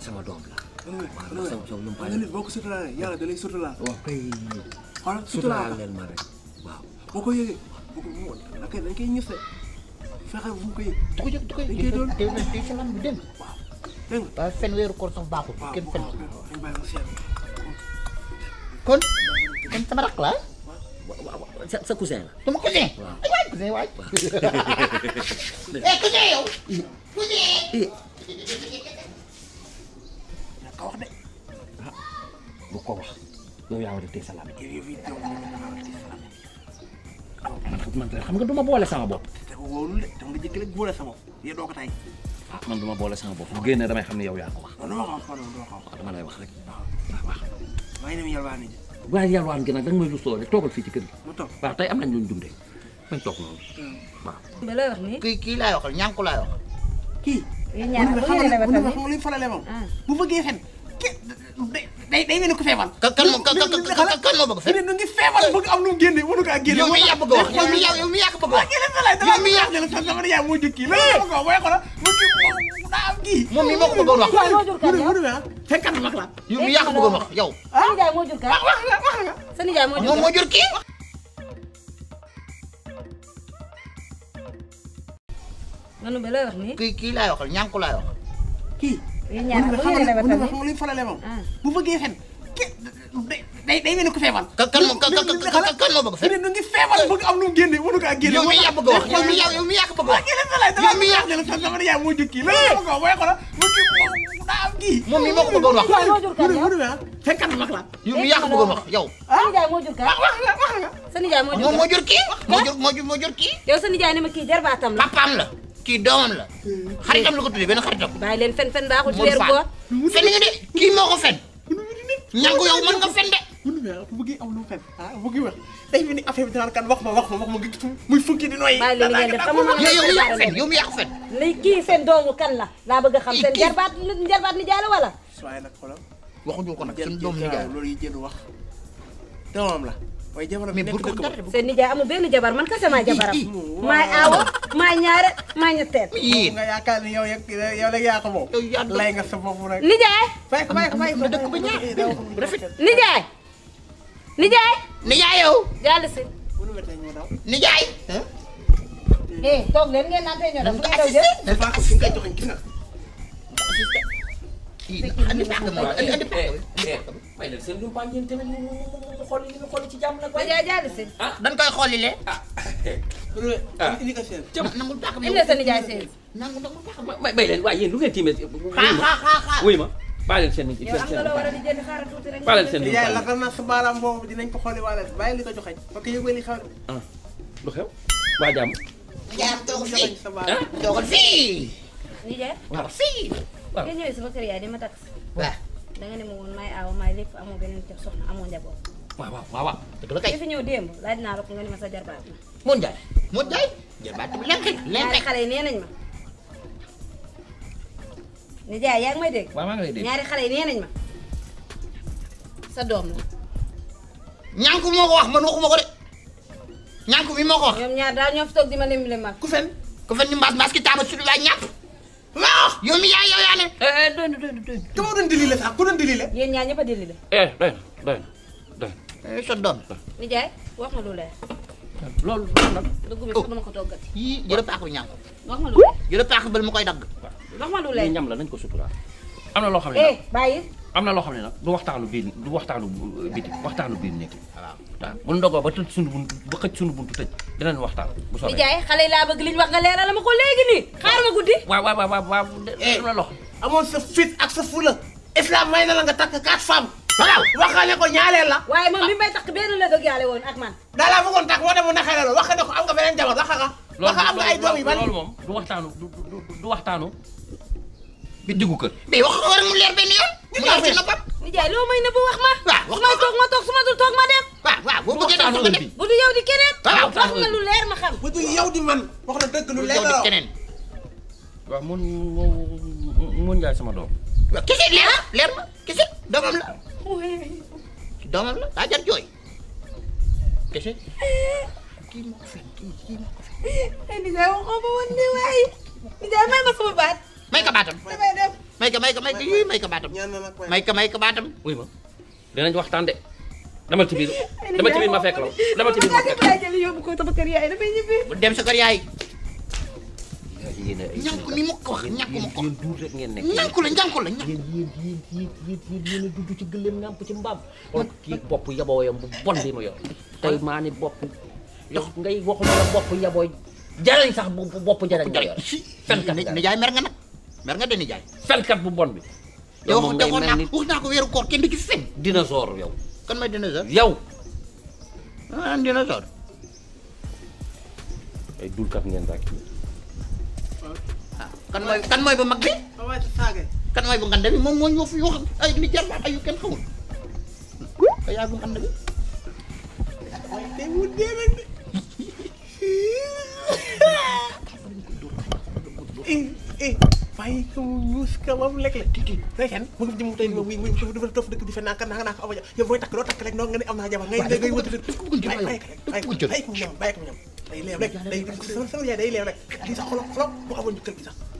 sama doom la. waaw sama doom ñoom Pagny. nit boo ko suturaalee yàlla da lay suturaal. waaw kay. xoolal suturaal leen ma rek waaw. boo ko yëgee. waaw boo ko dañ koy ñëf fexe bu mu koy. da koy da koy da koy da sa lam bu dem. waaw dégg nga waaye fen weeru koor sax baaxul. kenn fen kon kon sama rakk la sa sa cousin la. sama cousin. waaw aywaay cousin waay. eh cousin yow. cousin. yaa ko wax de. ah bu ko wax yow yaa war a téye sa lam. yow yaa war a téye sa lam. foot man xam nga du ma boole sama bopp. te wóorul de da nga jëkk rek boole sa bopp yow doo ko tay. ah man du ma boole sama bopp bu génnee damay xam ne yow yaa ko wax. non non non non dama lay wax rek. waaw ah, waaw maa ngi dem yalwaan ji. waaye yalwaan gi nag danga may lu soo rek toogal fii ci kër gi. mu toog waaw tey am nañ lu ñu dundee bañ toog noonu. Hmm. waaw. mais looy wax nii. kii kii laay waxal ñànku laay waxal. kii. ñaar bu ñu la la ba tamit bu ñu la bu ñu la bu ñu la bu ñu faralee moom. Ah. bu bëggee fen day day mel ni ku feebar. kan kan kan kan moo bëgg feebar. ngi feebar bëgg am lu mu génne mënu ko ak génne. yow mi yaa bëgg a wax yow mi yaa yow mi yaa ko bëgg a wax. yow mi yaa yow mi yaa sama yaay moo jukki lan la ko wax xoolal mu kii mu daa am kii. moom mii moo ko bëggoon wax. mu ne mu ne ah fekkat mag la. yow mi yaa ko bëggoon wax yow. ah sa nijaay moo jur kaa wax nga wax nga. sa nijaay moo jur moom moo jur kii. nanu ba lay wax nii. kii kii laay waxal ñànku laay waxal kii ñaar bu yéene ba tamit mu falalee moom. Ah. moo bëgg fen. ñu ngi feebar bëgg am lu mu génne ko ak génne. yow mi yaa bëgg wax yow mi yaa yow mi yaa bëgg wax. yow mi yaa bëgg wax dama moo jukki la ko mu jukki daa moo wax. la. yow mi yaa ko bëggoon wax yow. Ah? sa nijaay moo jur kaa wax nga wax nga. sa nijaay moo jur moo jur kii moo jur moo jur kii. yow sa nijaay ne ma kii jarbaatam la kii doomam la. Hmm. xaritam la ko tuddee benn xaritam. bàyyi leen fen fen baaxul ci weeru koor. fen nga de kii moo ko fen. ñàngu yow mën nga de. bu bëggee lu fen ah bu bëggee wax ni affaire bi dinaan kan wax ma wax ma wax ma gis muy fukki di noyyi. bàyyi leen ngeen def xamuma ne yow yaa ko fen yow yaa fen. léegi kii kan la laa bëgg a xam seen jarbaat jarbaat ni jaay la wala. waaye nag xoolal waxuñu ko nag seen doomu ni jaay loolu yi jënd wax doomam la waaye jabaram mais bul ko dara seen nijaay amul benn jabar man kese maa jabaram. maay aawo maay ñaare maay ñetteel. yéen nga yaakaar ni yow yow rek yaa ko moom. lay nga sa bopp rek. nijaay. fay ko fay ko fay ko dëkk ba ñaar rafet. nijaay. nijaay. yow. jàll si. nijaay. eh toog leen ngeen naan tey ñoo daw. dafa xool li ñu xool ci jàmm nag. waaye jaay jaay la sëñ. ah dañ a. sa nijaay seen. nangul nangul baax a. may may leen waaye yéen lu ngeen tiimee. xaa xaa xaa xaa wuy ma. baaleel seen nit yi seen seen nit baaleel ko xooli waale bàyyi li ko joxe. parce que yëgul li xew. ah lu xew waa jàmm. jaam toogul fii toogul fii. nijaay ah. waaw fii. waaw nga ñëwee sama kër yaay di ma tax. waaw da nga ne ma woon maay beneen soxna amoo njaboot waaw waaw waaw waaw dëgg la kay. fi ñëw démb laaj naa la ko nga ni ma sa jarbaat la. Moon Njaay Moon Njaay jarbaat bi lekk lekk xale yi nee nañ ma. nijaay yaa ngi may dégg. waaw maa ngi lay dégg ñaari xale yi nee nañ ma sa doom la. ñànku moo ko wax man waxuma ko de ñànku mi moo ko wax. ñoom ñaar daal ñoo fi toog di ma lim lim ku fen ku fen ni mbaas mbaas ki taama sudu waay ñàpp. waaw yow mi yaay yow yaa ne. doy na doy na doy na. te moo doon dili la sax ku doon dili la. yéen ñaar ñëpp a dili la. doy na doy na. Eh, sa doom. nijaay wax nga lu leer. loolu loolu nag. dugub bi oh. sax ko toggati. yii jërë paax bu ñaam. wax nga mu koy dagg. wax nga lu leer ñam la nañ ko suturaal. am na loo xam ne eh, nag am na loo xam nag du waxtaanu biir du waxtaanu euh, biti waxtaanu biir nekk. waaw waaw bu ndogoo ba tëj sunu buntu ba xëj sunu buntu tëj dinañ waxtaan. bu soobee nijaay xale yi laa bëgg li wax nga leeral ma ko léegi nii. xaar ma guddi. waaw waaw waaw waaw eh, am na loo xam. amoon sa fit ak sa fula. islam may na la nga takk quatre femmes waaw waxaale ko ñaareel la. waaye moom bi may takk benn la dëggaale woon ak man. daal laa bëggoon takk moo tax mu naqare la wax ne ko am nga beneen jabar waxa nga. waxa am nga ay doom yu bari loolu moom du waxtaanu du du waxtaanu. bi diggu kër. mais wax ko rek mu leer benn yoon. ñu jaay ci noppam. ñu jaay loo may na bu wax ma. waaw wax ma toog ma toog su ma dul toog ma dem. waaw waaw boo bëggee def nga def bu du yow di keneen. waaw wax nga lu leer ma xam. bu du yow di man wax na dëgg lu leer la wax keneen. waaw mun mun mun njaay sama doom. waaw kese leer leer ma kese doomam la ci doomam la jar jooy kese kii moo ko fen kii moo ko fen eh, ni jaay waxoo ma woon ne waay ni ma sama baat may ka baatam may ka may ka may may ka may ka may ka baatam wuy ma dinañ waxtaan dama ci biir dama ci ma fekk la dama ci biir ma fekk la dem sa kër yéen ay ñànku mi ma ko wax ñànku ma ko wax duut rek ngeen nekk ñànku la ñànku la ñànku yéen yéen yéen yéen yéen a dudd ci gëléem nàmp ci mbaam kon kii bopp yabooyam bu bon bi mu yor tey maa ni bopp yow ngay waxuma la bopp yabooy jarañ sax bu bopp jarañ nga yor fenkat nijaay mer nga nag mer nga de nijaay fenkat bu bon bi te wax defoon naa wax naa ko weeru koor kenn du ci fen dinosaure yow kan may dinosaure yow ah dinosaure ay dulkat ngeen rek kan mooy kan mooy bu mag bi. kan mooy bu ngand bi moom moo ñu fi wax ay li jar ay yu kenn xamul. te yaay bu ngand bi. bàyyi ko muus ka moom lekk la tiiti mu ngi jëm tey moom muy muy dafa tof dëkk naa naa naa ko awaja yow booy takk doo takk rek noonu nga ne am naa jabar ngay ngay wëtt rek bàyyi ko ñoom rek day sax xolo xolo mu amoon ñu kër gi sax